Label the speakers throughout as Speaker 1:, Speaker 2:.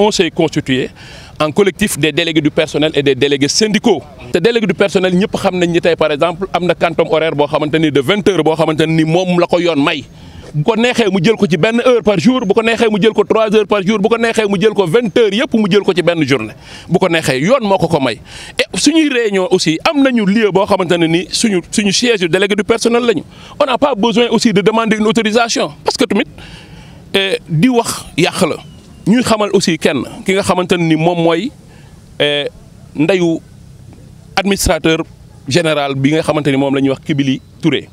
Speaker 1: on s'est constitué en collectif des délégués du personnel et des délégués syndicaux Les délégués du personnel nous savons ni par exemple am un quantum horaire de 20 heures boo xamante ni moom la ko yoon may bu ko neexee mu heure par jour bu ko neexee mu jël ko trois heures par jour bu ko neexee mu jël ko vingt heures yëpp mu jël ko ci une journée bu ko neexee yoon moo ko may et suñuy réunion aussi avons un lieu boo est un siège du délégué du personnel on n'a pas besoin aussi de demander une autorisation parce que tout tamit eh, di wax yàq la ñuy xamal aussi kenn ki nga xamante ni moom mooy eh, ndeyu administrateur général bi nga xamante ni moom la ñuy wax Kibili Touré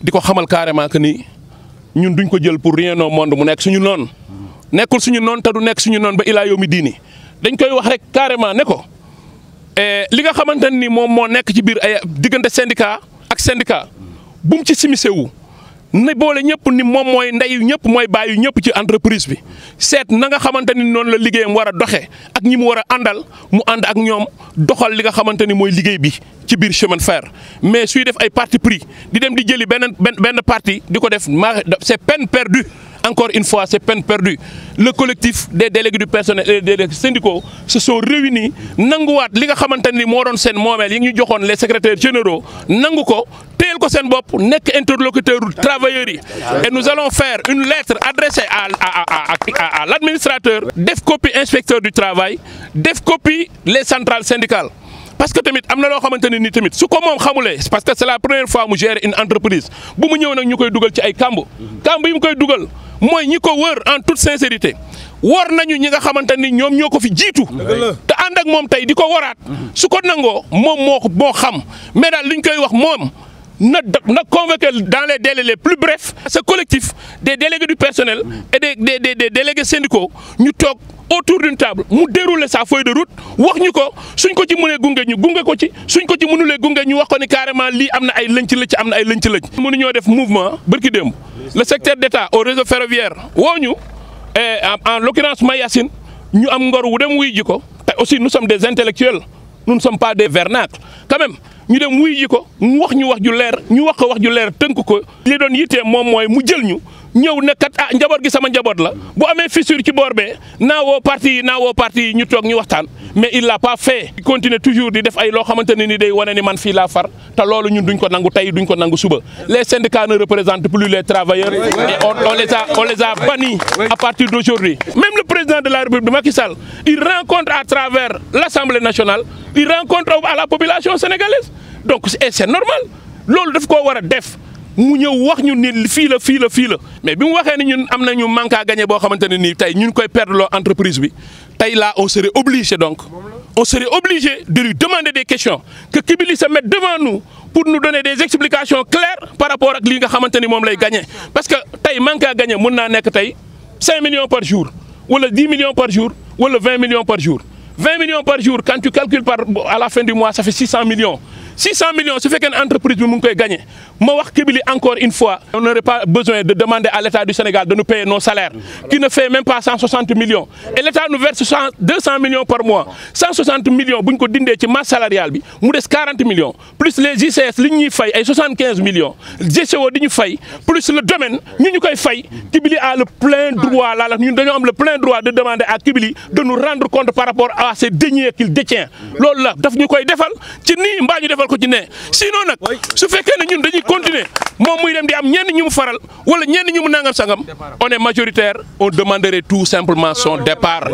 Speaker 1: di ko xamal carrément que ni ñun duñ ko jël pour rien au monde mu nekk suñu noon nekkul suñu noon te du nekk suñu noon ba ilaa yow mi diini dañ koy wax rek carrément ne ko eh, li nga xamante ni moom moo nekk ci biir ay diggante syndicat ak syndicat bu ci simisé wu ni boole ñëpp ni moom mooy ndeyu ñëpp mooy bàyyi ñëpp ci entreprise bi seet na nga xamante ni noonu la liggéeyam war a doxee ak ñi mu war a àndal mu ànd ak ñoom doxal li nga xamante ni mooy liggéey bi ci biir chemin de mais suy def ay parti pris di dem di jëli benn benn benn parti di ko def se penn perdu encore une fois, c'est peine perdue. Le collectif des délégués du personnel et euh, des syndicaux se sont réunis. Nangouat, les Sen les secrétaires généraux, Nangouko, teel ko Sen Bop, nekk interlocuteur travailleurs yi et nous allons faire une lettre adressée à à à l'administrateur def copie inspecteur du travail def copie les centrales syndicales parce que tamit amna na loo ni tamit su ko moom c'est parce que c'est la première fois que je gère une entreprise bu mu on a ñu koy dugal ci ay Kambo, kamb yi mu koy dugal moy ñiko wër en toute sincérité war nañu ñi nga xamante ni ñoko fi jitu, te and ak mom tay di ko waraat. su ko nangoo moom moo ko xam mais dal liñ koy wax mom na na dans les délais les plus brefs ce collectif des délégués du personnel et des des des, des délégués syndicaux ñu tok autour d'une table mu dérouler sa feuille de route wax ñu ko suñ ko ci mënee gungé ñu gungé ko ci suñ ko ci mënulé gungé ñu wax ko ni carrément li amna ay lënc lëc am ay lënc mënu ñoo def mouvement barki demb le secteur d'État au réseau ferroviaire en l'occurrence Mayacine nous am ngor aussi nous sommes des intellectuels nous ne sommes pas des vernacles quand même nous dem des nous nous mu wax ñu wax ju leer ñu wax ko wax ju leer des ko li ñew ne kat ah njaboot gi sama njabot la bu amé fissure ci boor bee naa parti nawo parti ñu tok ñu waxtaan mais il l'a pas fait. il continue toujours di def ay lo xamanteni ni day wane ni man fi la far te lolu ñun duñ ko nangu tay duñ ko nangu suba les syndicats ne représentent plus les travailleurs et on les a on les a bannis à partir d'aujourd'hui même le président de la République Macky Sall il rencontre à travers l'Assemblée nationale il rencontre à la population sénégalaise donc c'est normal lolu daf ko wara def ni mais bi mu ni ñun gagner perdre entreprise là on serait obligé donc on serait obligé de lui demander des questions que Kibili se mette devant nous pour nous donner des explications claires par rapport à ce nga nous parce que tay manque à gagner 5 millions par jour 10 millions par jour 20 millions par jour 20 millions par jour quand tu calcules par à la fin du mois ça fait 600 millions 600 millions ça fait qu'une entreprise bi gagner ma wax Kibili encore une fois on n'aurait pas besoin de demander à l'État du Sénégal de nous payer nos salaires qui ne fait même pas 160 millions et l'État nous verse 200 millions par mois 160 millions si on ko dindee ci masse salariale bi mu 40 millions plus les ICS li ñuy fay ay 75 millions GCO di ñu fay plus le domaine ñu ñu koy fay a le plein droit la ñun le plein droit de demander à Kibili de nous rendre compte par rapport à ces deniers qu'il détient loolu la daf ñu koy ci nii mbaa ñu ko sinon nag su que nous ñun continuer moom muy dem di am ñenn ñu mu faral wala ñenn ñu mu nangal sangam on est majoritaire on demanderait tout simplement son départ.